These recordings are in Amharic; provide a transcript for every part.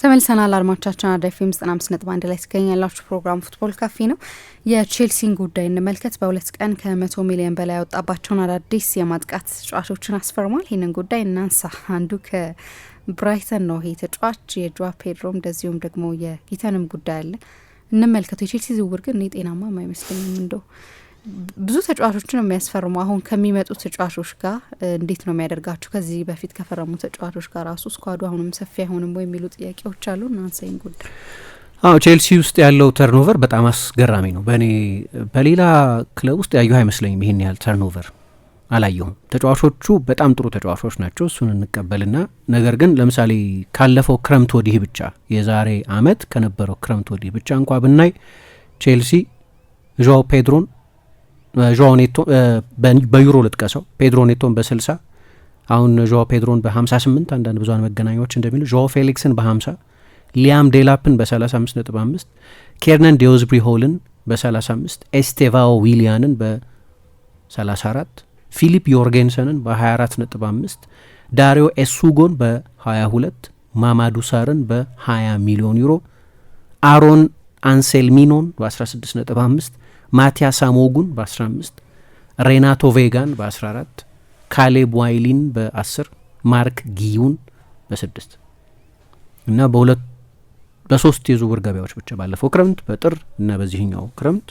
ተመልሰናል አድማቻችን አራዳ ኤፍ ኤም ዘጠና አምስት ነጥብ አንድ ላይ ትገኛላችሁ። ፕሮግራም ፉትቦል ካፌ ነው። የቼልሲን ጉዳይ እንመልከት። በሁለት ቀን ከመቶ ሚሊዮን በላይ ያወጣባቸውን አዳዲስ የማጥቃት ተጫዋቾችን አስፈርሟል። ይህንን ጉዳይ እናንሳ። አንዱ ከብራይተን ነው ይሄ ተጫዋች የጆዋ ፔድሮ እንደዚሁም ደግሞ የጊተንም ጉዳይ አለ። እንመልከቱ። የቼልሲ ዝውውር ግን እኔ ጤናማ አይመስለኝም እንደው ብዙ ተጫዋቾችን ነው የሚያስፈርሙ። አሁን ከሚመጡ ተጫዋቾች ጋር እንዴት ነው የሚያደርጋቸው? ከዚህ በፊት ከፈረሙ ተጫዋቾች ጋር ራሱ ስኳዱ አሁንም ሰፊ አይሆንም ወይ የሚሉ ጥያቄዎች አሉ። እናንሳይን ጉዳይ አዎ ቼልሲ ውስጥ ያለው ተርኖቨር በጣም አስገራሚ ነው። በእኔ በሌላ ክለብ ውስጥ ያየሁ አይመስለኝም። ይህን ያህል ተርኖቨር አላየሁም። ተጫዋቾቹ በጣም ጥሩ ተጫዋቾች ናቸው፣ እሱን እንቀበልና ነገር ግን ለምሳሌ ካለፈው ክረምት ወዲህ ብቻ የዛሬ አመት ከነበረው ክረምት ወዲህ ብቻ እንኳ ብናይ ቼልሲ ዣኦ ፔድሮን ዦዋ በዩሮ ልጥቀሰው ፔድሮ ኔቶን በ አሁን ዦዋ ፔድሮን በ58 አንዳንድ ብዙሀን መገናኛዎች እንደሚሉ ዦዋ ፌሊክስን በ50 ሊያም ዴላፕን በ35.5 ኬርነን ዲዮዝብሪ ሆልን በ35 ኤስቴቫኦ ዊሊያንን በ34 ፊሊፕ ዮርጌንሰንን በ24.5 ዳሪዮ ኤሱጎን በ22 ማማዱ ሳርን በ20 ሚሊዮን ዩሮ አሮን አንሴልሚኖን በ16.5 ማቲያስ አሞጉን በ15 ሬናቶ ቬጋን በ14 ካሌብ ዋይሊን በ10 ማርክ ጊዩን በስድስት እና በሶስት የዝውውር ገበያዎች ብቻ ባለፈው ክረምት በጥር እና በዚህኛው ክረምት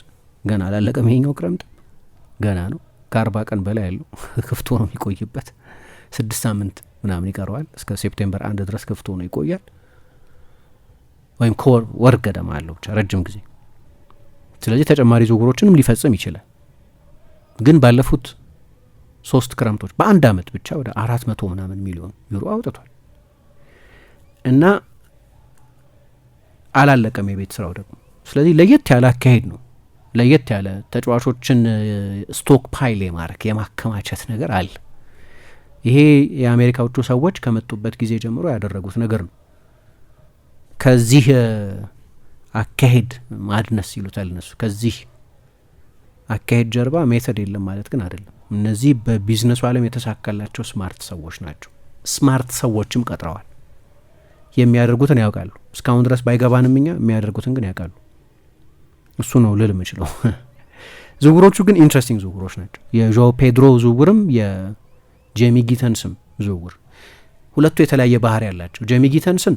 ገና አላለቀም። ይሄኛው ክረምት ገና ነው። ከአርባ ቀን በላይ ያለው ክፍቶ ነው የሚቆይበት ስድስት ሳምንት ምናምን ይቀረዋል። እስከ ሴፕቴምበር አንድ ድረስ ክፍቶ ሆኖ ይቆያል። ወይም ከወር ገደማ አለው ብቻ ረጅም ጊዜ ስለዚህ ተጨማሪ ዝውውሮችንም ሊፈጽም ይችላል። ግን ባለፉት ሶስት ክረምቶች በአንድ አመት ብቻ ወደ አራት መቶ ምናምን ሚሊዮን ዩሮ አውጥቷል እና አላለቀም የቤት ስራው ደግሞ። ስለዚህ ለየት ያለ አካሄድ ነው። ለየት ያለ ተጫዋቾችን ስቶክ ፓይል የማድረግ የማከማቸት ነገር አለ። ይሄ የአሜሪካዎቹ ሰዎች ከመጡበት ጊዜ ጀምሮ ያደረጉት ነገር ነው ከዚህ አካሄድ ማድነስ ይሉታል እነሱ። ከዚህ አካሄድ ጀርባ ሜተድ የለም ማለት ግን አይደለም። እነዚህ በቢዝነሱ ዓለም የተሳካላቸው ስማርት ሰዎች ናቸው። ስማርት ሰዎችም ቀጥረዋል። የሚያደርጉትን ያውቃሉ። እስካሁን ድረስ ባይገባንም እኛ የሚያደርጉትን ግን ያውቃሉ። እሱ ነው ልል የምችለው። ዝውውሮቹ ግን ኢንትረስቲንግ ዝውውሮች ናቸው። የዣው ፔድሮ ዝውውርም የጄሚ ጊተንስም ዝውውር ሁለቱ የተለያየ ባህሪ ያላቸው ጄሚ ጊተንስን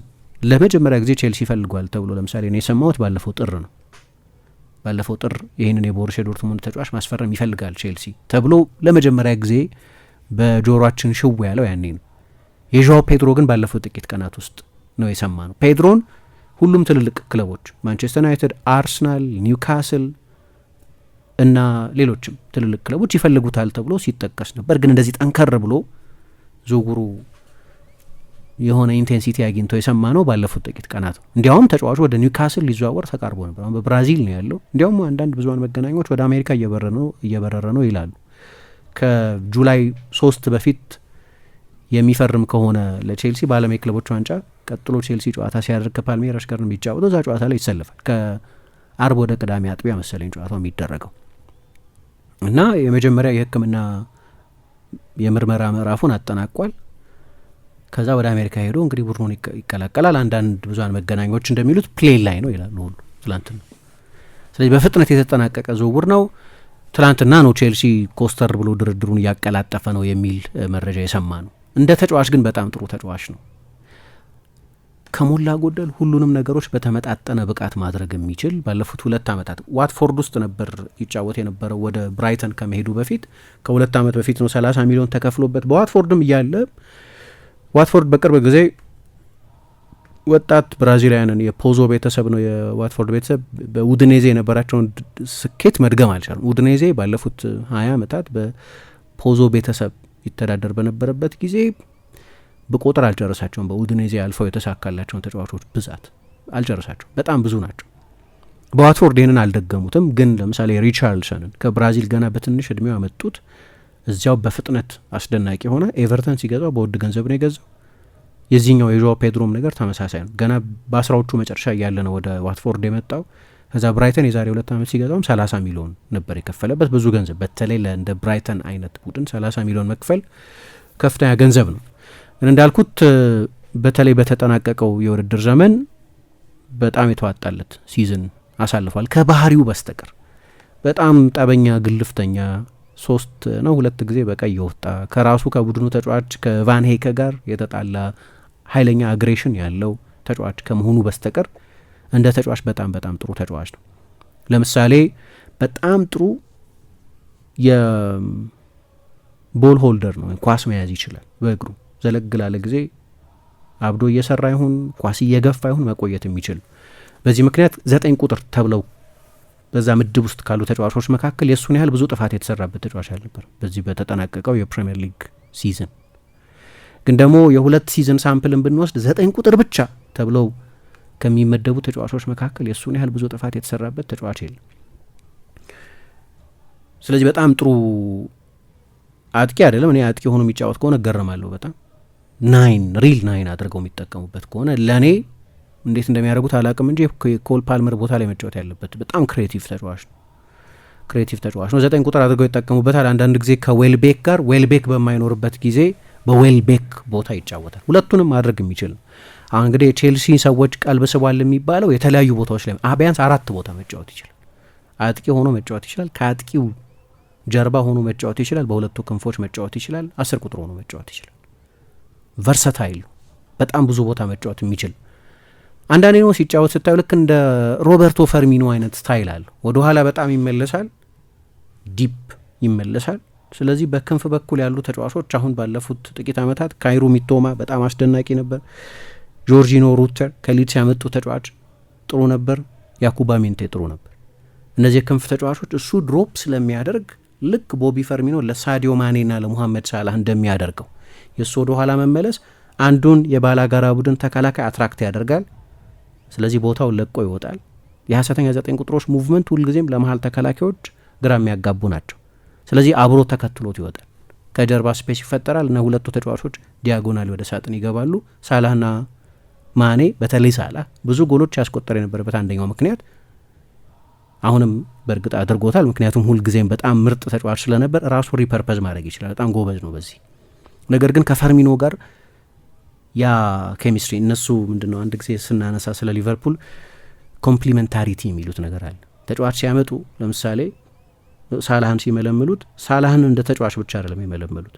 ለመጀመሪያ ጊዜ ቼልሲ ይፈልጓል ተብሎ ለምሳሌ ነው የሰማሁት። ባለፈው ጥር ነው ባለፈው ጥር ይህንን የቦሩሲያ ዶርትሙንድ ተጫዋች ማስፈረም ይፈልጋል ቼልሲ ተብሎ ለመጀመሪያ ጊዜ በጆሯችን ሽው ያለው ያኔ ነው። የዣው ፔድሮ ግን ባለፈው ጥቂት ቀናት ውስጥ ነው የሰማ ነው። ፔድሮን ሁሉም ትልልቅ ክለቦች ማንቸስተር ዩናይትድ፣ አርስናል፣ ኒውካስል እና ሌሎችም ትልልቅ ክለቦች ይፈልጉታል ተብሎ ሲጠቀስ ነበር። ግን እንደዚህ ጠንከር ብሎ ዝውውሩ የሆነ ኢንቴንሲቲ አግኝቶ የሰማ ነው ባለፉት ጥቂት ቀናት እንዲያውም ተጫዋቹ ወደ ኒውካስል ሊዘዋወር ተቃርቦ ነበር። አሁን በብራዚል ነው ያለው። እንዲያውም አንዳንድ ብዙሀን መገናኛዎች ወደ አሜሪካ እየበረረ ነው ይላሉ። ከጁላይ ሶስት በፊት የሚፈርም ከሆነ ለቼልሲ በዓለም የክለቦች ዋንጫ ቀጥሎ ቼልሲ ጨዋታ ሲያደርግ ከፓልሜራስ ጋር ነው የሚጫወተው። እዛ ጨዋታ ላይ ይሰለፋል። ከአርብ ወደ ቅዳሜ አጥቢያ መሰለኝ ጨዋታው የሚደረገው እና የመጀመሪያ የሕክምና የምርመራ ምዕራፉን አጠናቋል። ከዛ ወደ አሜሪካ ሄዶ እንግዲህ ቡድኑን ይቀላቀላል። አንዳንድ ብዙሀን መገናኛዎች እንደሚሉት ፕሌን ላይ ነው ይላሉ ሁሉ ነው። ስለዚህ በፍጥነት የተጠናቀቀ ዝውውር ነው። ትላንትና ነው ቼልሲ ኮስተር ብሎ ድርድሩን እያቀላጠፈ ነው የሚል መረጃ የሰማ ነው። እንደ ተጫዋች ግን በጣም ጥሩ ተጫዋች ነው። ከሞላ ጎደል ሁሉንም ነገሮች በተመጣጠነ ብቃት ማድረግ የሚችል ባለፉት ሁለት ዓመታት ዋትፎርድ ውስጥ ነበር ይጫወት የነበረው ወደ ብራይተን ከመሄዱ በፊት ከሁለት ዓመት በፊት ነው ሰላሳ ሚሊዮን ተከፍሎበት በዋትፎርድም እያለ ዋትፎርድ በቅርብ ጊዜ ወጣት ብራዚላውያንን የፖዞ ቤተሰብ ነው የዋትፎርድ ቤተሰብ በውድኔዜ የነበራቸውን ስኬት መድገም አልቻሉም። ውድኔዜ ባለፉት ሀያ ዓመታት በፖዞ ቤተሰብ ይተዳደር በነበረበት ጊዜ በቁጥር አልጨረሳቸውም። በውድኔዜ አልፈው የተሳካላቸውን ተጫዋቾች ብዛት አልጨረሳቸውም። በጣም ብዙ ናቸው። በዋትፎርድ ይህንን አልደገሙትም። ግን ለምሳሌ ሪቻርልሰንን ከብራዚል ገና በትንሽ እድሜው ያመጡት እዚያው በፍጥነት አስደናቂ የሆነ ኤቨርተን ሲገዛው በውድ ገንዘብ ነው የገዛው። የዚህኛው የዦዋ ፔድሮም ነገር ተመሳሳይ ነው። ገና በአስራዎቹ መጨረሻ እያለ ነው ወደ ዋትፎርድ የመጣው። ከዛ ብራይተን የዛሬ ሁለት ዓመት ሲገዛውም ሰላሳ ሚሊዮን ነበር የከፈለበት። ብዙ ገንዘብ በተለይ ለእንደ ብራይተን አይነት ቡድን ሰላሳ ሚሊዮን መክፈል ከፍተኛ ገንዘብ ነው። እንዳልኩት በተለይ በተጠናቀቀው የውድድር ዘመን በጣም የተዋጣለት ሲዝን አሳልፏል። ከባህሪው በስተቀር በጣም ጠበኛ፣ ግልፍተኛ ሶስት ነው ሁለት ጊዜ በቀይ የወጣ ከራሱ ከቡድኑ ተጫዋች ከቫንሄከ ጋር የተጣላ ኃይለኛ አግሬሽን ያለው ተጫዋች ከመሆኑ በስተቀር እንደ ተጫዋች በጣም በጣም ጥሩ ተጫዋች ነው። ለምሳሌ በጣም ጥሩ የቦል ሆልደር ነው። ኳስ መያዝ ይችላል። በእግሩ ዘለግ ላለ ጊዜ አብዶ እየሰራ ይሁን ኳስ እየገፋ ይሁን መቆየት የሚችል በዚህ ምክንያት ዘጠኝ ቁጥር ተብለው በዛ ምድብ ውስጥ ካሉ ተጫዋቾች መካከል የእሱን ያህል ብዙ ጥፋት የተሰራበት ተጫዋች አልነበር በዚህ በተጠናቀቀው የፕሪምየር ሊግ ሲዝን። ግን ደግሞ የሁለት ሲዝን ሳምፕልን ብንወስድ ዘጠኝ ቁጥር ብቻ ተብለው ከሚመደቡ ተጫዋቾች መካከል የእሱን ያህል ብዙ ጥፋት የተሰራበት ተጫዋች የለም። ስለዚህ በጣም ጥሩ አጥቂ አይደለም። እኔ አጥቂ ሆኖ የሚጫወት ከሆነ እገረማለሁ በጣም ናይን ሪል ናይን አድርገው የሚጠቀሙበት ከሆነ ለእኔ እንዴት እንደሚያደርጉት አላቅም እንጂ ኮል ፓልመር ቦታ ላይ መጫወት ያለበት በጣም ክሬቲቭ ተጫዋች ነው። ክሬቲቭ ተጫዋች ነው። ዘጠኝ ቁጥር አድርገው ይጠቀሙበታል። አንዳንድ ጊዜ ከዌልቤክ ጋር ዌልቤክ በማይኖርበት ጊዜ በዌልቤክ ቦታ ይጫወታል። ሁለቱንም ማድረግ የሚችል ነው። አሁን እንግዲህ የቼልሲ ሰዎች ቀልብ ስቧል የሚባለው የተለያዩ ቦታዎች ላይ ቢያንስ አራት ቦታ መጫወት ይችላል። አጥቂ ሆኖ መጫወት ይችላል። ከአጥቂው ጀርባ ሆኖ መጫወት ይችላል። በሁለቱ ክንፎች መጫወት ይችላል። አስር ቁጥር ሆኖ መጫወት ይችላል። ቨርሰታይል በጣም ብዙ ቦታ መጫወት የሚችል አንዳንዴ ነው ሲጫወት ስታዩ ልክ እንደ ሮበርቶ ፈርሚኖ አይነት ስታይል ወደ ወደኋላ በጣም ይመለሳል፣ ዲፕ ይመለሳል። ስለዚህ በክንፍ በኩል ያሉ ተጫዋቾች አሁን ባለፉት ጥቂት ዓመታት ካይሩ ሚቶማ በጣም አስደናቂ ነበር። ጆርጂኖ ሩተር ከሊድስ ያመጡ ተጫዋች ጥሩ ነበር። ያኩባ ሚንቴ ጥሩ ነበር። እነዚህ የክንፍ ተጫዋቾች እሱ ድሮፕ ስለሚያደርግ ልክ ቦቢ ፈርሚኖ ለሳዲዮ ማኔና ለሙሐመድ ሳላህ እንደሚያደርገው የእሱ ወደኋላ መመለስ አንዱን የባላጋራ ቡድን ተከላካይ አትራክት ያደርጋል ስለዚህ ቦታውን ለቆ ይወጣል። የሀሰተኛ ዘጠኝ ቁጥሮች ሙቭመንት ሁልጊዜም ለመሀል ተከላካዮች ግራ የሚያጋቡ ናቸው። ስለዚህ አብሮ ተከትሎት ይወጣል። ከጀርባ ስፔስ ይፈጠራል እና ሁለቱ ተጫዋቾች ዲያጎናል ወደ ሳጥን ይገባሉ። ሳላህና ማኔ በተለይ ሳላ ብዙ ጎሎች ያስቆጠረ የነበረበት አንደኛው ምክንያት አሁንም በእርግጥ አድርጎታል። ምክንያቱም ሁልጊዜም በጣም ምርጥ ተጫዋች ስለነበር ራሱ ሪፐርፐዝ ማድረግ ይችላል። በጣም ጎበዝ ነው በዚህ ነገር ግን ከፈርሚኖ ጋር ያ ኬሚስትሪ እነሱ ምንድነው አንድ ጊዜ ስናነሳ ስለ ሊቨርፑል ኮምፕሊመንታሪቲ የሚሉት ነገር አለ። ተጫዋች ሲያመጡ ለምሳሌ ሳላህን ሲመለምሉት ሳላህን እንደ ተጫዋች ብቻ አይደለም የመለመሉት።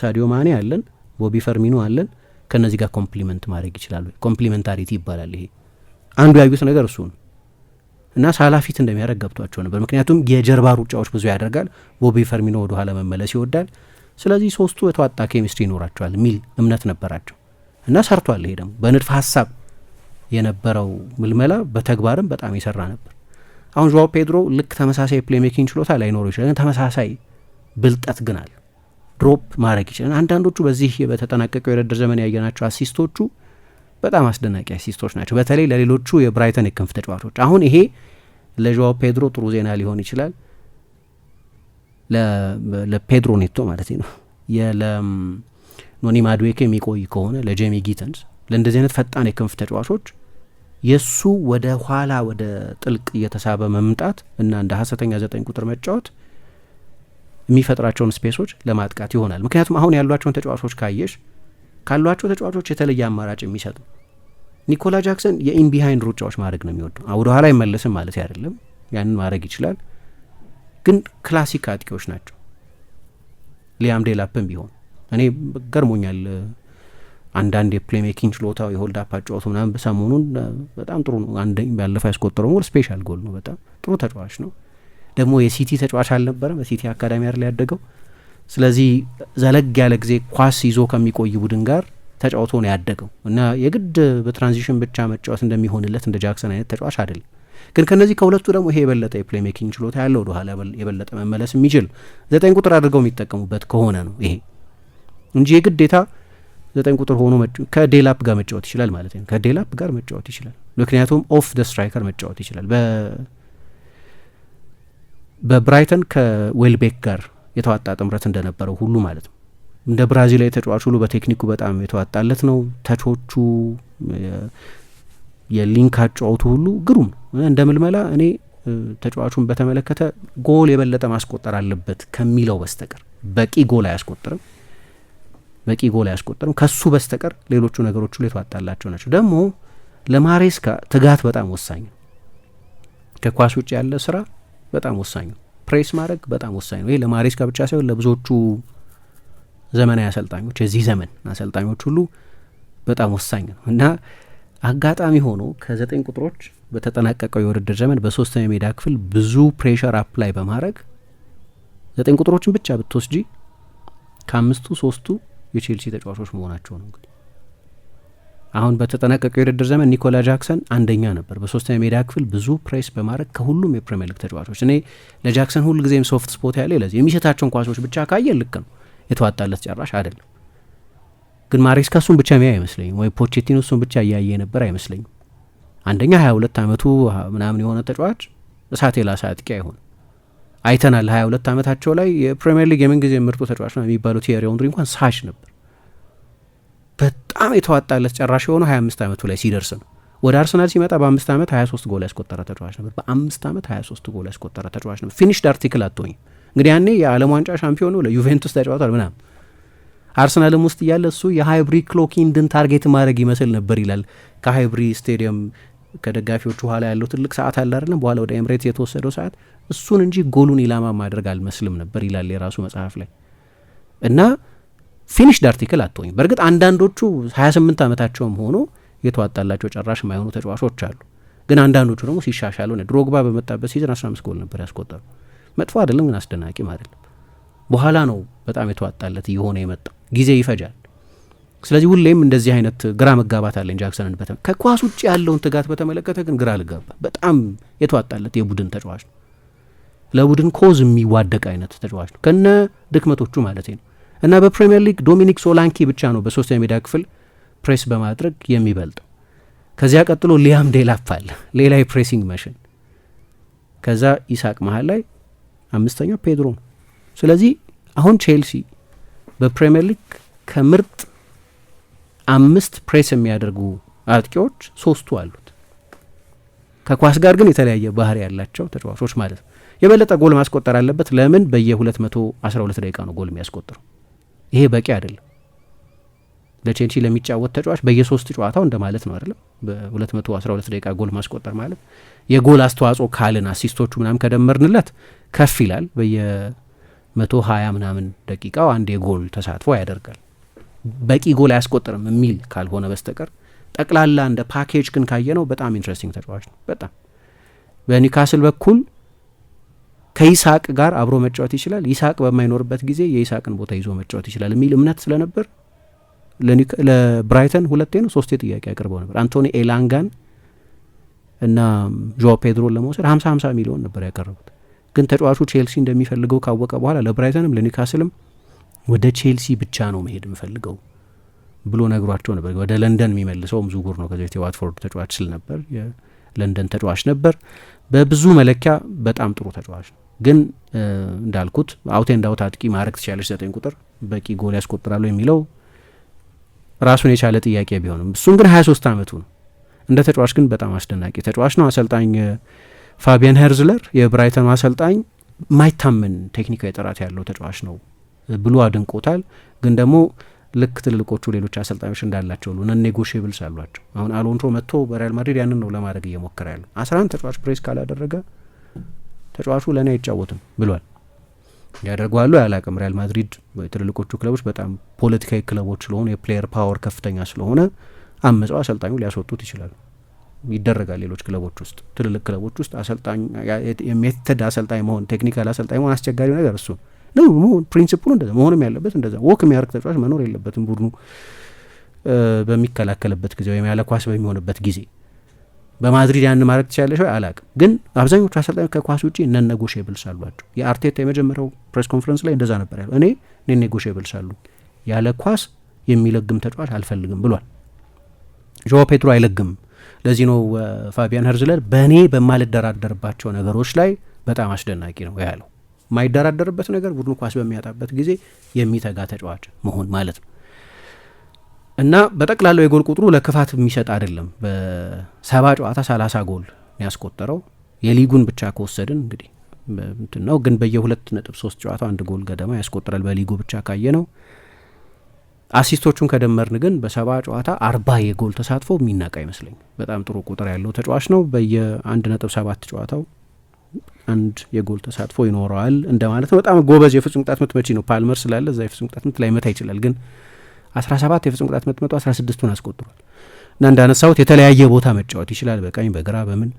ሳዲዮ ማኔ አለን፣ ቦቢ ፈርሚኖ አለን። ከእነዚህ ጋር ኮምፕሊመንት ማድረግ ይችላሉ። ኮምፕሊመንታሪቲ ይባላል። ይሄ አንዱ ያዩት ነገር እሱ ነው እና ሳላ ፊት እንደሚያደርግ ገብቷቸው ነበር። ምክንያቱም የጀርባ ሩጫዎች ብዙ ያደርጋል። ቦቢ ፈርሚኖ ወደኋላ መመለስ ይወዳል። ስለዚህ ሶስቱ የተዋጣ ኬሚስትሪ ይኖራቸዋል የሚል እምነት ነበራቸው እና ሰርቷል። ይሄ ደግሞ በንድፈ ሀሳብ የነበረው ምልመላ በተግባርም በጣም የሰራ ነበር። አሁን ዋው ፔድሮ ልክ ተመሳሳይ ፕሌሜኪንግ ችሎታ ላይኖረው ይችላል፣ ግን ተመሳሳይ ብልጠት ግን አለ። ድሮፕ ማድረግ ይችላል። አንዳንዶቹ በዚህ በተጠናቀቀው የውድድር ዘመን ያየናቸው አሲስቶቹ በጣም አስደናቂ አሲስቶች ናቸው፣ በተለይ ለሌሎቹ የብራይተን የክንፍ ተጫዋቾች። አሁን ይሄ ለዋው ፔድሮ ጥሩ ዜና ሊሆን ይችላል። ለፔድሮ ኔቶ ማለት ነው ኖኒ የሚቆይ ከሆነ ለጄሚ ጊተንስ ለእንደዚህ አይነት ፈጣን የክንፍ ተጫዋቾች የእሱ ወደ ኋላ ወደ ጥልቅ እየተሳበ መምጣት እና እንደ ሀሰተኛ ዘጠኝ ቁጥር መጫወት የሚፈጥራቸውን ስፔሶች ለማጥቃት ይሆናል። ምክንያቱም አሁን ያሏቸውን ተጫዋቾች ካየሽ ካሏቸው ተጫዋቾች የተለየ አማራጭ የሚሰጥ ኒኮላ ጃክሰን የኢን ቢሃይንድ ሩጫዎች ማድረግ ነው የሚወዱ። ወደ ኋላ አይመለስም ማለት አይደለም፣ ያንን ማድረግ ይችላል። ግን ክላሲክ አጥቂዎች ናቸው። ሊያም ዴላፕም ቢሆን እኔ ገርሞኛል። አንዳንድ የፕሌሜኪንግ ችሎታው የሆልድ አፕ ጨዋቱ ምናምን ሰሞኑን በጣም ጥሩ ነው። አንደ ያለፈው ያስቆጠረው ጎል ስፔሻል ጎል ነው። በጣም ጥሩ ተጫዋች ነው። ደግሞ የሲቲ ተጫዋች አልነበረም። በሲቲ አካዳሚ አይደል ያደገው። ስለዚህ ዘለግ ያለ ጊዜ ኳስ ይዞ ከሚቆይ ቡድን ጋር ተጫውቶ ነው ያደገው እና የግድ በትራንዚሽን ብቻ መጫወት እንደሚሆንለት እንደ ጃክሰን አይነት ተጫዋች አይደለም። ግን ከነዚህ ከሁለቱ ደግሞ ይሄ የበለጠ የፕሌይ ሜኪንግ ችሎታ ያለው ወደኋላ የበለጠ መመለስ የሚችል ዘጠኝ ቁጥር አድርገው የሚጠቀሙበት ከሆነ ነው ይሄ እንጂ የግዴታ ዘጠኝ ቁጥር ሆኖ ከዴላፕ ጋር መጫወት ይችላል ማለት ነው። ከዴላፕ ጋር መጫወት ይችላል፣ ምክንያቱም ኦፍ ደ ስትራይከር መጫወት ይችላል። በብራይተን ከዌልቤክ ጋር የተዋጣ ጥምረት እንደነበረው ሁሉ ማለት ነው። እንደ ብራዚላዊ ተጫዋች ሁሉ በቴክኒኩ በጣም የተዋጣለት ነው። ተቾቹ የሊንክ አጫወቱ ሁሉ ግሩም ነው። እንደ ምልመላ እኔ ተጫዋቹን በተመለከተ ጎል የበለጠ ማስቆጠር አለበት ከሚለው በስተቀር በቂ ጎል አያስቆጥርም። በቂ ጎል አያስቆጥርም ከሱ በስተቀር ሌሎቹ ነገሮች ሁሉ የተዋጣላቸው ናቸው። ደግሞ ለማሬስካ ትጋት በጣም ወሳኝ ነው። ከኳስ ውጭ ያለ ስራ በጣም ወሳኝ ነው። ፕሬስ ማድረግ በጣም ወሳኝ ነው። ይሄ ለማሬስካ ብቻ ሳይሆን ለብዙዎቹ ዘመናዊ አሰልጣኞች፣ የዚህ ዘመን አሰልጣኞች ሁሉ በጣም ወሳኝ ነው እና አጋጣሚ ሆኖ ከዘጠኝ ቁጥሮች በተጠናቀቀው የውድድር ዘመን በሶስተኛ ሜዳ ክፍል ብዙ ፕሬሸር አፕላይ በማድረግ ዘጠኝ ቁጥሮችን ብቻ ብትወስጂ ከአምስቱ ሶስቱ የቼልሲ ተጫዋቾች መሆናቸው ነው። እንግዲህ አሁን በተጠናቀቀው የውድድር ዘመን ኒኮላ ጃክሰን አንደኛ ነበር በሶስተኛ ሜዳ ክፍል ብዙ ፕሬስ በማድረግ ከሁሉም የፕሪሚየር ሊግ ተጫዋቾች። እኔ ለጃክሰን ጊዜም ሶፍት ስፖት ያለ ለዚህ የሚሰታቸውን ኳሶች ብቻ ካየ ልክ ነው፣ የተዋጣለት ጨራሽ አይደለም። ግን ማሬስካ እሱን ብቻ ሚያ አይመስለኝም፣ ወይ ፖቼቲኖ እሱን ብቻ እያየ ነበር አይመስለኝም። አንደኛ ሀያ ሁለት አመቱ ምናምን የሆነ ተጫዋች እሳት የላሰ አጥቂ አይሆን አይተናል። ሀያ ሁለት አመታቸው ላይ የፕሪምየር ሊግ የምን ጊዜ ምርጡ ተጫዋች ነው የሚባለው ቲዬሪ ኦንሪ እንኳን ሳሽ ነበር። በጣም የተዋጣለት ጨራሽ የሆነ ሀያ አምስት አመቱ ላይ ሲደርስ ነው። ወደ አርሰናል ሲመጣ በአምስት አመት ሀያ ሶስት ጎል ያስቆጠረ ተጫዋች ነበር። በአምስት አመት ሀያ ሶስት ጎል ያስቆጠረ ተጫዋች ነበር። ፊኒሽድ አርቲክል አትሆኝም እንግዲህ ያኔ የዓለም ዋንጫ ሻምፒዮኑ ለዩቬንቱስ ተጫውቷል ምናምን አርሰናልም ውስጥ እያለ እሱ የሃይብሪ ክሎኪንድን ታርጌት ማድረግ ይመስል ነበር ይላል ከሃይብሪ ስቴዲየም ከደጋፊዎቹ ኋላ ያለው ትልቅ ሰዓት አለ አይደለም፣ በኋላ ወደ ኤምሬት የተወሰደው ሰዓት እሱን እንጂ ጎሉን ኢላማ ማድረግ አልመስልም ነበር ይላል የራሱ መጽሐፍ ላይ እና ፊኒሽድ አርቲክል አትሆኝ። በእርግጥ አንዳንዶቹ 28 ዓመታቸውም ሆኖ የተዋጣላቸው ጨራሽ የማይሆኑ ተጫዋቾች አሉ። ግን አንዳንዶቹ ደግሞ ሲሻሻሉ ድሮግባ በመጣበት ሲዝን 15 ጎል ነበር ያስቆጠሩ። መጥፎ አይደለም ግን አስደናቂም አይደለም። በኋላ ነው በጣም የተዋጣለት እየሆነ የመጣው። ጊዜ ይፈጃል። ስለዚህ ሁሌም እንደዚህ አይነት ግራ መጋባት አለኝ ጃክሰንን በተ ከኳስ ውጭ ያለውን ትጋት በተመለከተ ግን ግራ ልጋባ በጣም የተዋጣለት የቡድን ተጫዋች ነው። ለቡድን ኮዝ የሚዋደቅ አይነት ተጫዋች ነው ከነ ድክመቶቹ ማለት ነው። እና በፕሪምየር ሊግ ዶሚኒክ ሶላንኪ ብቻ ነው በሶስተኛ ሜዳ ክፍል ፕሬስ በማድረግ የሚበልጠው። ከዚያ ቀጥሎ ሊያም ዴላፕ አለ፣ ሌላ የፕሬሲንግ መሽን። ከዛ ኢሳቅ መሀል ላይ አምስተኛው ፔድሮ ነው። ስለዚህ አሁን ቼልሲ በፕሪምየር ሊግ ከምርጥ አምስት ፕሬስ የሚያደርጉ አጥቂዎች ሶስቱ አሉት። ከኳስ ጋር ግን የተለያየ ባህሪ ያላቸው ተጫዋቾች ማለት ነው። የበለጠ ጎል ማስቆጠር አለበት። ለምን በየ212 ደቂቃ ነው ጎል የሚያስቆጥረው? ይሄ በቂ አይደለም። ለቼልሲ ለሚጫወት ተጫዋች በየሶስት ጨዋታው እንደማለት ነው አይደለም። በ212 ደቂቃ ጎል ማስቆጠር ማለት የጎል አስተዋጽኦ ካልን አሲስቶቹ ምናምን ከደመርንለት ከፍ ይላል። በየ120 ምናምን ደቂቃው አንድ የጎል ተሳትፎ ያደርጋል። በቂ ጎል አያስቆጥርም የሚል ካልሆነ በስተቀር ጠቅላላ እንደ ፓኬጅ ግን ካየ ነው በጣም ኢንትረስቲንግ ተጫዋች ነው። በጣም በኒውካስል በኩል ከይስሐቅ ጋር አብሮ መጫወት ይችላል፣ ይስሐቅ በማይኖርበት ጊዜ የይስሐቅን ቦታ ይዞ መጫወት ይችላል የሚል እምነት ስለነበር ለብራይተን ሁለቴ ነው ሶስቴ ጥያቄ ያቀርበው ነበር። አንቶኒ ኤላንጋን እና ጆ ፔድሮን ለመውሰድ ሀምሳ ሀምሳ ሚሊዮን ነበር ያቀረቡት። ግን ተጫዋቹ ቼልሲ እንደሚፈልገው ካወቀ በኋላ ለብራይተንም ለኒውካስልም ወደ ቼልሲ ብቻ ነው መሄድ የምፈልገው ብሎ ነግሯቸው ነበር። ወደ ለንደን የሚመልሰውም ዝውውር ነው። ከዚህ የዋትፎርድ ተጫዋች ስል ነበር የለንደን ተጫዋች ነበር። በብዙ መለኪያ በጣም ጥሩ ተጫዋች ነው። ግን እንዳልኩት አውቴ እንዳውት አጥቂ ማድረግ ትችላለች። ዘጠኝ ቁጥር በቂ ጎል ያስቆጥራሉ የሚለው ራሱን የቻለ ጥያቄ ቢሆንም እሱም ግን ሀያ ሶስት አመቱ ነው። እንደ ተጫዋች ግን በጣም አስደናቂ ተጫዋች ነው። አሰልጣኝ ፋቢያን ሄርዝለር የብራይተኑ አሰልጣኝ ማይታመን ቴክኒካዊ ጥራት ያለው ተጫዋች ነው ብሎ አድንቆታል። ግን ደግሞ ልክ ትልልቆቹ ሌሎች አሰልጣኞች እንዳላቸው ሁሉ ነን ኔጎሽየብልስ አሏቸው። አሁን አሎንሶ መጥቶ በሪያል ማድሪድ ያንን ነው ለማድረግ እየሞከረ ያለ አስራ አንድ ተጫዋች ፕሬስ ካላደረገ ተጫዋቹ ለእኔ አይጫወትም ብሏል። ያደርገዋሉ ያላቅም። ሪያል ማድሪድ ትልልቆቹ ክለቦች በጣም ፖለቲካዊ ክለቦች ስለሆኑ የፕሌየር ፓወር ከፍተኛ ስለሆነ አመፀው አሰልጣኙ ሊያስወጡት ይችላሉ። ይደረጋል። ሌሎች ክለቦች ውስጥ ትልልቅ ክለቦች ውስጥ አሰልጣኝ የሜተድ አሰልጣኝ መሆን ቴክኒካል አሰልጣኝ መሆን አስቸጋሪው ነገር እሱ ነው ፕሪንሲፕሉ። እንደዛ መሆንም ያለበት እንደዛ። ወክ የሚያደርግ ተጫዋች መኖር የለበትም ቡድኑ በሚከላከልበት ጊዜ ወይም ያለ ኳስ በሚሆንበት ጊዜ። በማድሪድ ያን ማድረግ ትችላለሽ ወይ አላቅም፣ ግን አብዛኞቹ አሰልጣኞች ከኳስ ውጭ እነ ኔጎሽየብልስ አሏቸው። የአርቴታ የመጀመሪያው ፕሬስ ኮንፈረንስ ላይ እንደዛ ነበር ያለው። እኔ እኔ ኔጎሽየብልስ አሉ ያለ ኳስ የሚለግም ተጫዋች አልፈልግም ብሏል። ጆ ፔድሮ አይለግም። ለዚህ ነው ፋቢያን ሀርዝለር በእኔ በማልደራደርባቸው ነገሮች ላይ በጣም አስደናቂ ነው ያለው። የማይደራደርበት ነገር ቡድኑ ኳስ በሚያጣበት ጊዜ የሚተጋ ተጫዋች መሆን ማለት ነው እና በጠቅላላው የጎል ቁጥሩ ለክፋት የሚሰጥ አይደለም። በሰባ ጨዋታ ሰላሳ ጎል ያስቆጠረው የሊጉን ብቻ ከወሰድን እንግዲህ እንትን ነው፣ ግን በየሁለት ነጥብ ሶስት ጨዋታ አንድ ጎል ገደማ ያስቆጥራል በሊጉ ብቻ ካየ ነው። አሲስቶቹን ከደመርን ግን በሰባ ጨዋታ አርባ የጎል ተሳትፎ የሚናቅ አይመስለኝ። በጣም ጥሩ ቁጥር ያለው ተጫዋች ነው። በየአንድ ነጥብ ሰባት ጨዋታው አንድ የጎል ተሳትፎ ይኖረዋል እንደማለት ነው። በጣም ጎበዝ የፍጹም ቅጣት ምት መቺ ነው ፓልመር ስላለ እዛ የፍጹም ቅጣት ምት ላይመታ ይችላል። ግን ሰባት የፍጹም ቅጣት ምት መቶ አስራ ስድስቱን አስቆጥሯል እና እንዳነሳሁት የተለያየ ቦታ መጫወት ይችላል። በቀኝ በግራ በምን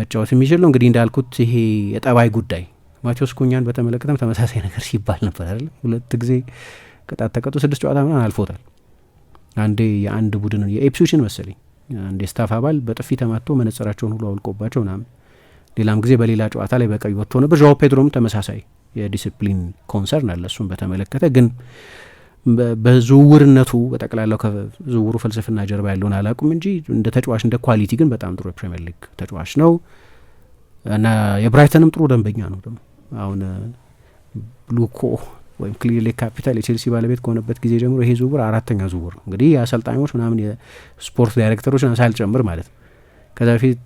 መጫወት የሚችል ነው። እንግዲህ እንዳልኩት ይሄ የጠባይ ጉዳይ ማቴዎስ ኩኛን በተመለከተም ተመሳሳይ ነገር ሲባል ነበር አይደለም። ሁለት ጊዜ ቅጣት ተቀጡ፣ ስድስት ጨዋታ ምናምን አልፎታል። አንዴ የአንድ ቡድን የኤፕሲችን መሰለኝ አንዴ ስታፍ አባል በጥፊ ተማቶ መነጽራቸውን ሁሉ አውልቆባቸው ምናምን ሌላም ጊዜ በሌላ ጨዋታ ላይ በቀይ ወጥቶ ነበር። ዣኦ ፔድሮም ተመሳሳይ የዲስፕሊን ኮንሰርን አለ። እሱን በተመለከተ ግን በዝውውርነቱ በጠቅላላው ከዝውውሩ ፍልስፍና ጀርባ ያለውን አላውቅም እንጂ እንደ ተጫዋች እንደ ኳሊቲ ግን በጣም ጥሩ የፕሪሚየር ሊግ ተጫዋች ነው እና የብራይተንም ጥሩ ደንበኛ ነው። ደግሞ አሁን ሉኮ ወይም ክሊርሌክ ካፒታል የቼልሲ ባለቤት ከሆነበት ጊዜ ጀምሮ ይሄ ዝውውር አራተኛ ዝውውር ነው። እንግዲህ የአሰልጣኞች ምናምን የስፖርት ዳይሬክተሮች ሳልጨምር ማለት ነው ከዛ በፊት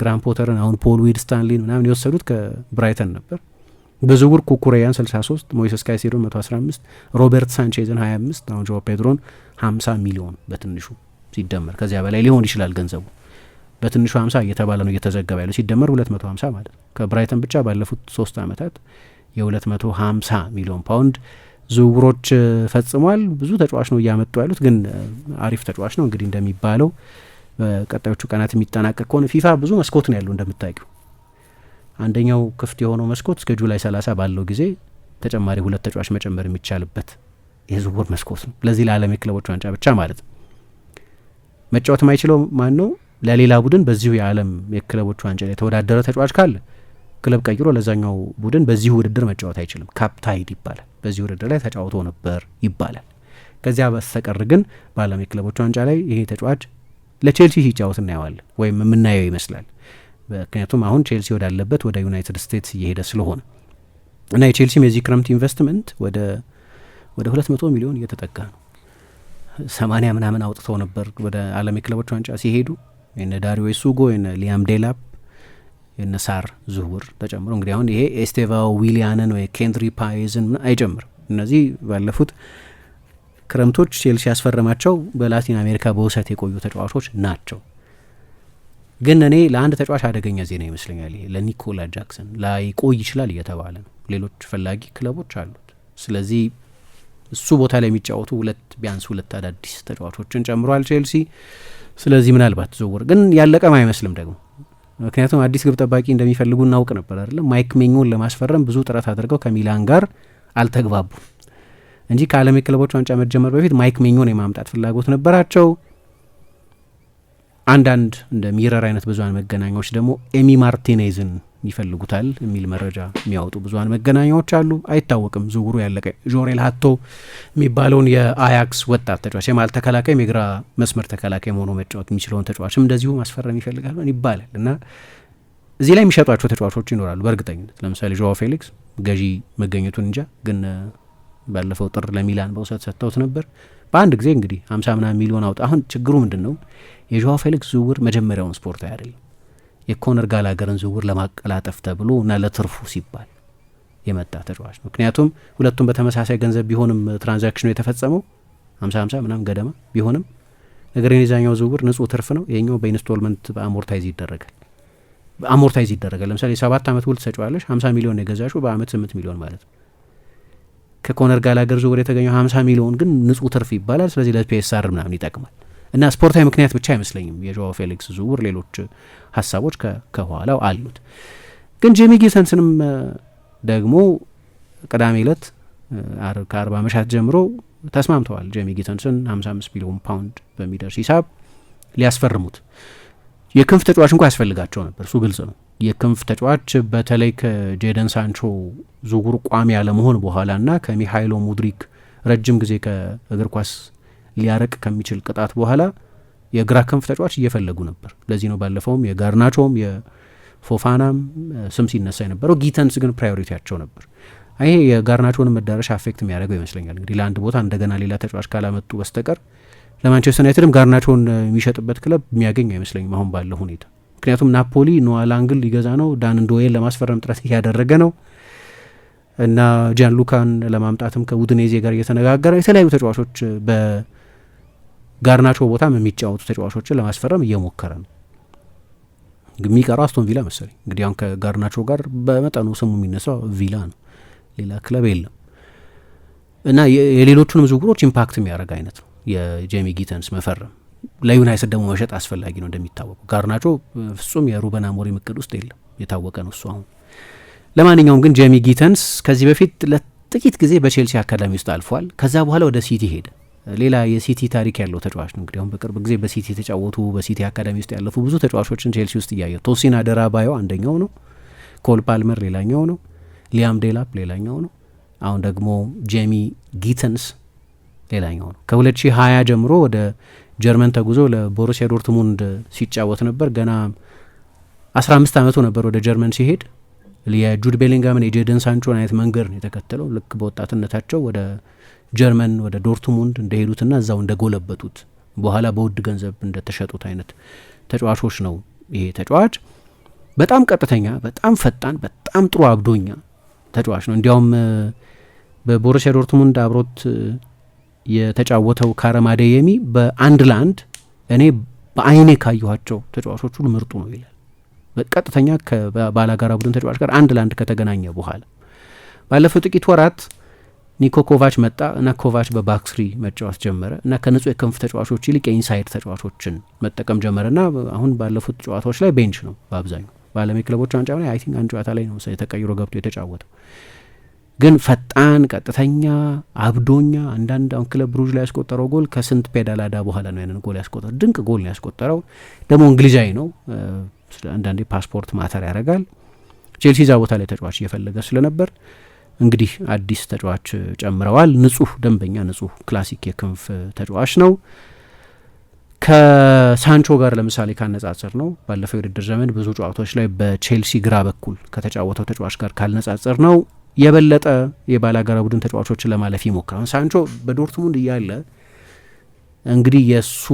ግራን ፖተርን አሁን ፖል ዊድ ስታንሊን ምናምን የወሰዱት ከብራይተን ነበር። በዝውውር ኩኩሬያን 63 ሞይሰስ ካይሴዶን 115 ሮበርት ሳንቼዝን 25 አሁን ጆ ፔድሮን 50 ሚሊዮን በትንሹ ሲደመር ከዚያ በላይ ሊሆን ይችላል ገንዘቡ በትንሹ 50 እየተባለ ነው እየተዘገበ ያለው ሲደመር 250 ማለት ነው። ከብራይተን ብቻ ባለፉት ሶስት ዓመታት የ250 ሚሊዮን ፓውንድ ዝውውሮች ፈጽሟል። ብዙ ተጫዋች ነው እያመጡ ያሉት፣ ግን አሪፍ ተጫዋች ነው እንግዲህ እንደሚባለው በቀጣዮቹ ቀናት የሚጠናቀቅ ከሆነ ፊፋ ብዙ መስኮት ነው ያለው እንደምታውቂው። አንደኛው ክፍት የሆነው መስኮት እስከ ጁላይ 30 ባለው ጊዜ ተጨማሪ ሁለት ተጫዋች መጨመር የሚቻልበት የዝውውር መስኮት ነው። ለዚህ ለዓለም የክለቦች ዋንጫ ብቻ ማለት ነው። መጫወት ማይችለው ማን ነው? ለሌላ ቡድን በዚሁ የዓለም የክለቦች ዋንጫ ላይ የተወዳደረ ተጫዋች ካለ ክለብ ቀይሮ ለዛኛው ቡድን በዚሁ ውድድር መጫወት አይችልም። ካፕታይድ ይባላል። በዚህ ውድድር ላይ ተጫውቶ ነበር ይባላል። ከዚያ በስተቀር ግን በዓለም የክለቦች ዋንጫ ላይ ይሄ ተጫዋች ለቼልሲ ሲጫወት እናየዋለን ወይም የምናየው ይመስላል። ምክንያቱም አሁን ቼልሲ ወዳለበት ወደ ዩናይትድ ስቴትስ እየሄደ ስለሆነ እና የቼልሲም የዚህ ክረምት ኢንቨስትመንት ወደ ወደ ሁለት መቶ ሚሊዮን እየተጠጋ ነው። ሰማኒያ ምናምን አውጥተው ነበር ወደ ዓለም የክለቦች ዋንጫ ሲሄዱ የነ ዳሪዮ ሱጎ የነ ሊያም ዴላፕ የነ ሳር ዝውውር ተጨምሮ እንግዲህ አሁን ይሄ ኤስቴቫ ዊሊያንን ወይ ኬንድሪ ፓይዝን አይጨምርም። እነዚህ ባለፉት ክረምቶች ቼልሲ ያስፈረማቸው በላቲን አሜሪካ በውሰት የቆዩ ተጫዋቾች ናቸው። ግን እኔ ለአንድ ተጫዋች አደገኛ ዜና ይመስለኛል። ይሄ ለኒኮላ ጃክሰን ቆይ ይችላል እየተባለ ነው። ሌሎች ፈላጊ ክለቦች አሉት። ስለዚህ እሱ ቦታ ላይ የሚጫወቱ ሁለት ቢያንስ ሁለት አዳዲስ ተጫዋቾችን ጨምሯል ቼልሲ። ስለዚህ ምናልባት ዝውውር ግን ያለቀም አይመስልም ደግሞ ምክንያቱም አዲስ ግብ ጠባቂ እንደሚፈልጉ እናውቅ ነበር አይደለም። ማይክ ሜኞን ለማስፈረም ብዙ ጥረት አድርገው ከሚላን ጋር አልተግባቡም። እንጂ ከዓለም የክለቦች ዋንጫ መጀመር በፊት ማይክ ሜኞን የማምጣት ፍላጎት ነበራቸው። አንዳንድ እንደ ሚረር አይነት ብዙሀን መገናኛዎች ደግሞ ኤሚ ማርቲኔዝን ይፈልጉታል የሚል መረጃ የሚያወጡ ብዙሀን መገናኛዎች አሉ። አይታወቅም ዝውውሩ ያለቀ። ጆሬል ሀቶ የሚባለውን የአያክስ ወጣት ተጫዋች የማል ተከላካይም የግራ መስመር ተከላካይ ሆኖ መጫወት የሚችለውን ተጫዋችም እንደዚሁ ማስፈረም ይፈልጋል ይባላል እና እዚህ ላይ የሚሸጧቸው ተጫዋቾች ይኖራሉ በእርግጠኝነት ለምሳሌ ጆዋ ፌሊክስ ገዢ መገኘቱን እንጃ ግን ባለፈው ጥር ለሚላን በውሰት ሰጥተውት ነበር። በአንድ ጊዜ እንግዲህ ሀምሳ ምናምን ሚሊዮን አውጣ። አሁን ችግሩ ምንድን ነው? የዦዋ ፌሊክስ ዝውውር መጀመሪያውን ስፖርት አይደለም። የኮነር ጋላገርን ዝውውር ለማቀላጠፍ ተብሎ እና ለትርፉ ሲባል የመጣ ተጫዋች ነው። ምክንያቱም ሁለቱም በተመሳሳይ ገንዘብ ቢሆንም ትራንዛክሽኑ የተፈጸመው ሀምሳ ሀምሳ ምናምን ገደማ ቢሆንም ነገር ግን የዛኛው ዝውውር ንጹህ ትርፍ ነው። ይሄኛው በኢንስቶልመንት በአሞርታይዝ ይደረጋል አሞርታይዝ ይደረጋል። ለምሳሌ ሰባት ዓመት ውል ትሰጫዋለሽ። ሀምሳ ሚሊዮን የገዛሹ በአመት ስምንት ሚሊዮን ማለት ነው። ከኮነር ጋላገር ዝውውር የተገኘው 50 ሚሊዮን ግን ንጹህ ትርፍ ይባላል። ስለዚህ ለፒኤስአር ምናምን ይጠቅማል እና ስፖርታዊ ምክንያት ብቻ አይመስለኝም የጆዋ ፌሊክስ ዝውውር፣ ሌሎች ሀሳቦች ከኋላው አሉት። ግን ጄሚ ጊሰንስንም ደግሞ ቅዳሜ ዕለት ከአርባ መሻት ጀምሮ ተስማምተዋል። ጄሚ ጊተንስን 55 ሚሊዮን ፓውንድ በሚደርስ ሂሳብ ሊያስፈርሙት የክንፍ ተጫዋች እንኳ ያስፈልጋቸው ነበር። እሱ ግልጽ ነው። የክንፍ ተጫዋች በተለይ ከጄደን ሳንቾ ዝውውር ቋሚ ያለመሆን በኋላ ና ከሚሃይሎ ሙድሪክ ረጅም ጊዜ ከእግር ኳስ ሊያረቅ ከሚችል ቅጣት በኋላ የግራ ክንፍ ተጫዋች እየፈለጉ ነበር። ለዚህ ነው ባለፈውም የጋርናቾም የፎፋናም ስም ሲነሳ የነበረው። ጊተንስ ግን ፕራዮሪቲያቸው ነበር። ይሄ የጋርናቾን መዳረሻ አፌክት የሚያደርገው ይመስለኛል። እንግዲህ ለአንድ ቦታ እንደገና ሌላ ተጫዋች ካላመጡ በስተቀር ለማንቸስተር ዩናይትድም ጋርናቾን የሚሸጥበት ክለብ የሚያገኝ አይመስለኝም አሁን ባለው ሁኔታ ምክንያቱም ናፖሊ ኖዋ ሊገዛ ነው። ዳን ዶዌን ለማስፈረም ጥረት እያደረገ ነው እና ጃን ሉካን ለማምጣትም ከቡድኔዜ ጋር እየተነጋገረ የተለያዩ ተጫዋቾች በጋርናቾ ቦታም የሚጫወቱ ተጫዋቾችን ለማስፈረም እየሞከረ ነው። የሚቀረው አስቶን ቪላ መሰለኝ እንግዲህ አሁን ከጋርናቾ ጋር በመጠኑ ስሙ የሚነሳው ቪላ ነው፣ ሌላ ክለብ የለም እና የሌሎቹንም ዝውውሮች ኢምፓክት የሚያደርግ አይነት ነው የጄሚ ጊተንስ መፈረም ለዩናይትድ ደግሞ መሸጥ አስፈላጊ ነው። እንደሚታወቀው ጋርናቾ ፍጹም የሩበን አሞሪም እቅድ ውስጥ የለም፣ የታወቀ ነው እሱ። አሁን ለማንኛውም ግን ጄሚ ጊተንስ ከዚህ በፊት ለጥቂት ጊዜ በቼልሲ አካዳሚ ውስጥ አልፏል። ከዛ በኋላ ወደ ሲቲ ሄደ። ሌላ የሲቲ ታሪክ ያለው ተጫዋች ነው። እንግዲህ አሁን በቅርብ ጊዜ በሲቲ የተጫወቱ በሲቲ አካዳሚ ውስጥ ያለፉ ብዙ ተጫዋቾችን ቼልሲ ውስጥ እያየ ቶሲን አደራባዮ አንደኛው ነው። ኮል ፓልመር ሌላኛው ነው። ሊያም ዴላፕ ሌላኛው ነው። አሁን ደግሞ ጄሚ ጊተንስ ሌላኛው ነው። ከ2020 ጀምሮ ወደ ጀርመን ተጉዞ ለቦሩሲያ ዶርትሙንድ ሲጫወት ነበር። ገና አምስት አመቱ ነበር ወደ ጀርመን ሲሄድ የጁድ ቤሊንጋምን የጄደን ሳንቾን አይነት መንገድ ነው የተከተለው። ልክ በወጣትነታቸው ወደ ጀርመን ወደ ዶርትሙንድ እንደሄዱትና እዛው እንደጎለበቱት በኋላ በውድ ገንዘብ እንደተሸጡት አይነት ተጫዋቾች ነው። ይሄ ተጫዋች በጣም ቀጥተኛ፣ በጣም ፈጣን፣ በጣም ጥሩ አብዶኛ ተጫዋች ነው። እንዲያውም በቦሩሲያ ዶርትሙንድ አብሮት የተጫወተው ካረማዴየሚ በአንድ ለአንድ እኔ በአይኔ ካየኋቸው ተጫዋቾች ሁሉ ምርጡ ነው ይላል። በቀጥተኛ ከባላጋራ ቡድን ተጫዋች ጋር አንድ ለአንድ ከተገናኘ በኋላ ባለፈው ጥቂት ወራት ኒኮ ኮቫች መጣ እና ኮቫች በባክስሪ መጫወት ጀመረ እና ከንጹህ የክንፍ ተጫዋቾች ይልቅ የኢንሳይድ ተጫዋቾችን መጠቀም ጀመረ እና አሁን ባለፉት ጨዋታዎች ላይ ቤንች ነው በአብዛኛው። በዓለም ክለቦች ዋንጫ ላይ አይ ቲንክ አንድ ጨዋታ ላይ ነው የተቀይሮ ገብቶ የተጫወተው። ግን ፈጣን፣ ቀጥተኛ፣ አብዶኛ አንዳንድ አሁን ክለብ ብሩጅ ላይ ያስቆጠረው ጎል ከስንት ፔዳላዳ በኋላ ነው ያንን ጎል ያስቆጠረው። ድንቅ ጎል ነው ያስቆጠረው። ደግሞ እንግሊዛዊ ነው። አንዳንዴ ፓስፖርት ማተር ያደርጋል። ቼልሲ እዛ ቦታ ላይ ተጫዋች እየፈለገ ስለነበር እንግዲህ አዲስ ተጫዋች ጨምረዋል። ንጹህ ደንበኛ፣ ንጹህ ክላሲክ የክንፍ ተጫዋች ነው። ከሳንቾ ጋር ለምሳሌ ካነጻጸር ነው ባለፈው የውድድር ዘመን ብዙ ጨዋታዎች ላይ በቼልሲ ግራ በኩል ከተጫወተው ተጫዋች ጋር ካልነጻጸር ነው የበለጠ የባላጋራ ቡድን ተጫዋቾችን ለማለፍ ይሞክራል። ሳንቾ በዶርትሙንድ እያለ እንግዲህ የእሱ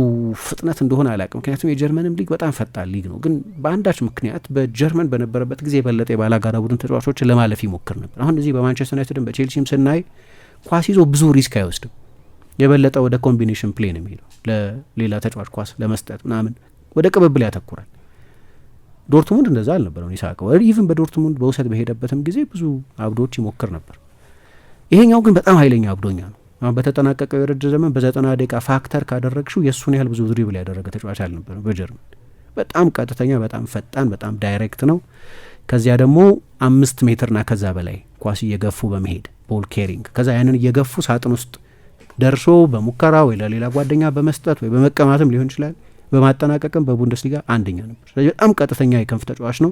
ፍጥነት እንደሆነ አላውቅም፣ ምክንያቱም የጀርመንም ሊግ በጣም ፈጣን ሊግ ነው። ግን በአንዳች ምክንያት በጀርመን በነበረበት ጊዜ የበለጠ የባላጋራ ቡድን ተጫዋቾችን ለማለፍ ይሞክር ነበር። አሁን እዚህ በማንቸስተር ዩናይትድን በቼልሲም ስናይ ኳስ ይዞ ብዙ ሪስክ አይወስድም። የበለጠ ወደ ኮምቢኔሽን ፕሌን የሚሄደው ለሌላ ተጫዋች ኳስ ለመስጠት ምናምን ወደ ቅብብል ያተኩራል። ዶርትሙንድ እንደዛ አልነበረም። ይሳቅ ኢቭን በዶርትሙንድ በውሰት በሄደበትም ጊዜ ብዙ አብዶዎች ይሞክር ነበር። ይሄኛው ግን በጣም ኃይለኛ አብዶኛ ነው። አሁን በተጠናቀቀው የውድድር ዘመን በዘጠና ደቂቃ ፋክተር ካደረግሽው የእሱን ያህል ብዙ ድሪብል ያደረገ ተጫዋች አልነበረም በጀርመን። በጣም ቀጥተኛ፣ በጣም ፈጣን፣ በጣም ዳይሬክት ነው። ከዚያ ደግሞ አምስት ሜትርና ከዛ በላይ ኳስ እየገፉ በመሄድ ቦል ኬሪንግ፣ ከዛ ያንን እየገፉ ሳጥን ውስጥ ደርሶ በሙከራ ወይ ለሌላ ጓደኛ በመስጠት ወይ በመቀማትም ሊሆን ይችላል በማጠናቀቅም በቡንደስሊጋ አንደኛ ነበር። ስለዚህ በጣም ቀጥተኛ የክንፍ ተጫዋች ነው።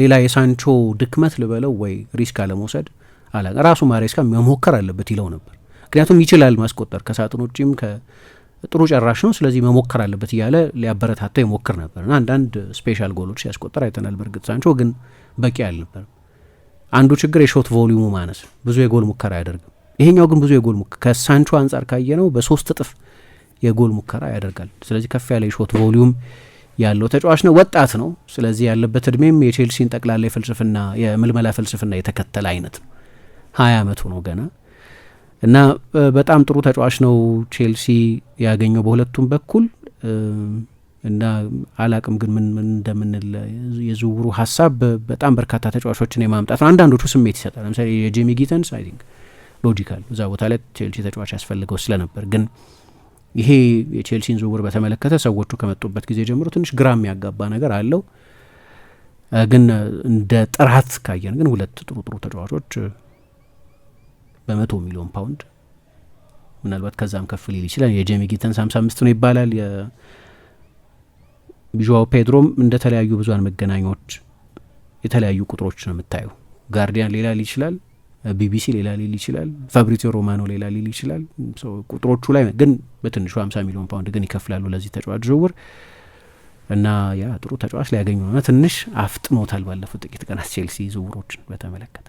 ሌላ የሳንቾ ድክመት ልበለው ወይ ሪስክ አለመውሰድ አለ ራሱ ማሬስካ መሞከር አለበት ይለው ነበር። ምክንያቱም ይችላል ማስቆጠር ከሳጥን ውጭም ጥሩ ጨራሽ ነው። ስለዚህ መሞከር አለበት እያለ ሊያበረታታ ይሞክር ነበር እና አንዳንድ ስፔሻል ጎሎች ሲያስቆጠር አይተናል። በእርግጥ ሳንቾ ግን በቂ አልነበርም። አንዱ ችግር የሾት ቮሊዩሙ ማነስ፣ ብዙ የጎል ሙከራ አያደርግም። ይሄኛው ግን ብዙ የጎል ሙከ ከሳንቾ አንጻር ካየ ነው በሶስት እጥፍ የጎል ሙከራ ያደርጋል። ስለዚህ ከፍ ያለ የሾት ቮሊዩም ያለው ተጫዋች ነው። ወጣት ነው። ስለዚህ ያለበት እድሜም የቼልሲን ጠቅላላ የፍልስፍና የምልመላ ፍልስፍና የተከተለ አይነት ነው። ሀያ አመቱ ነው ገና እና በጣም ጥሩ ተጫዋች ነው ቼልሲ ያገኘው በሁለቱም በኩል እና አላቅም ግን ምን እንደምንል የዝውውሩ ሀሳብ በጣም በርካታ ተጫዋቾችን የማምጣት ነው። አንዳንዶቹ ስሜት ይሰጣል። ለምሳሌ የጄሚ ጊተንስ አይ ቲንክ ሎጂካል እዛ ቦታ ላይ ቼልሲ ተጫዋች ያስፈልገው ስለነበር ግን ይሄ የቼልሲን ዝውውር በተመለከተ ሰዎቹ ከመጡበት ጊዜ ጀምሮ ትንሽ ግራ የሚያጋባ ነገር አለው። ግን እንደ ጥራት ካየን ግን ሁለት ጥሩ ጥሩ ተጫዋቾች በመቶ ሚሊዮን ፓውንድ ምናልባት ከዛም ከፍ ሊል ይችላል። የጄሚ ጊተንስ ሀምሳ አምስት ነው ይባላል። የዣዋ ፔድሮም እንደ ተለያዩ ብዙሀን መገናኛዎች የተለያዩ ቁጥሮች ነው የምታየው። ጋርዲያን ሌላ ሊል ይችላል። ቢቢሲ ሌላ ሊል ይችላል፣ ፋብሪዚዮ ሮማኖ ሌላ ሊል ይችላል። ቁጥሮቹ ላይ ግን በትንሹ ሀምሳ ሚሊዮን ፓውንድ ግን ይከፍላሉ ለዚህ ተጫዋች ዝውውር እና ያ ጥሩ ተጫዋች ሊያገኙ ነው። ትንሽ አፍጥሞታል ባለፉት ጥቂት ቀናት ቼልሲ ዝውውሮችን በተመለከተ